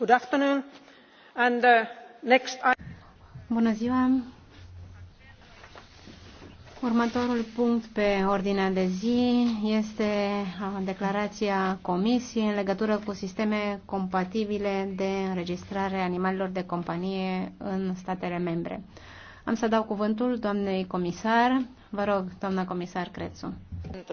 Uh, Bună ziua! Următorul punct pe ordinea de zi este declarația Comisiei în legătură cu sisteme compatibile de înregistrare animalelor de companie în statele membre. Am să dau cuvântul doamnei comisar. Vă rog, doamna comisar Crețu.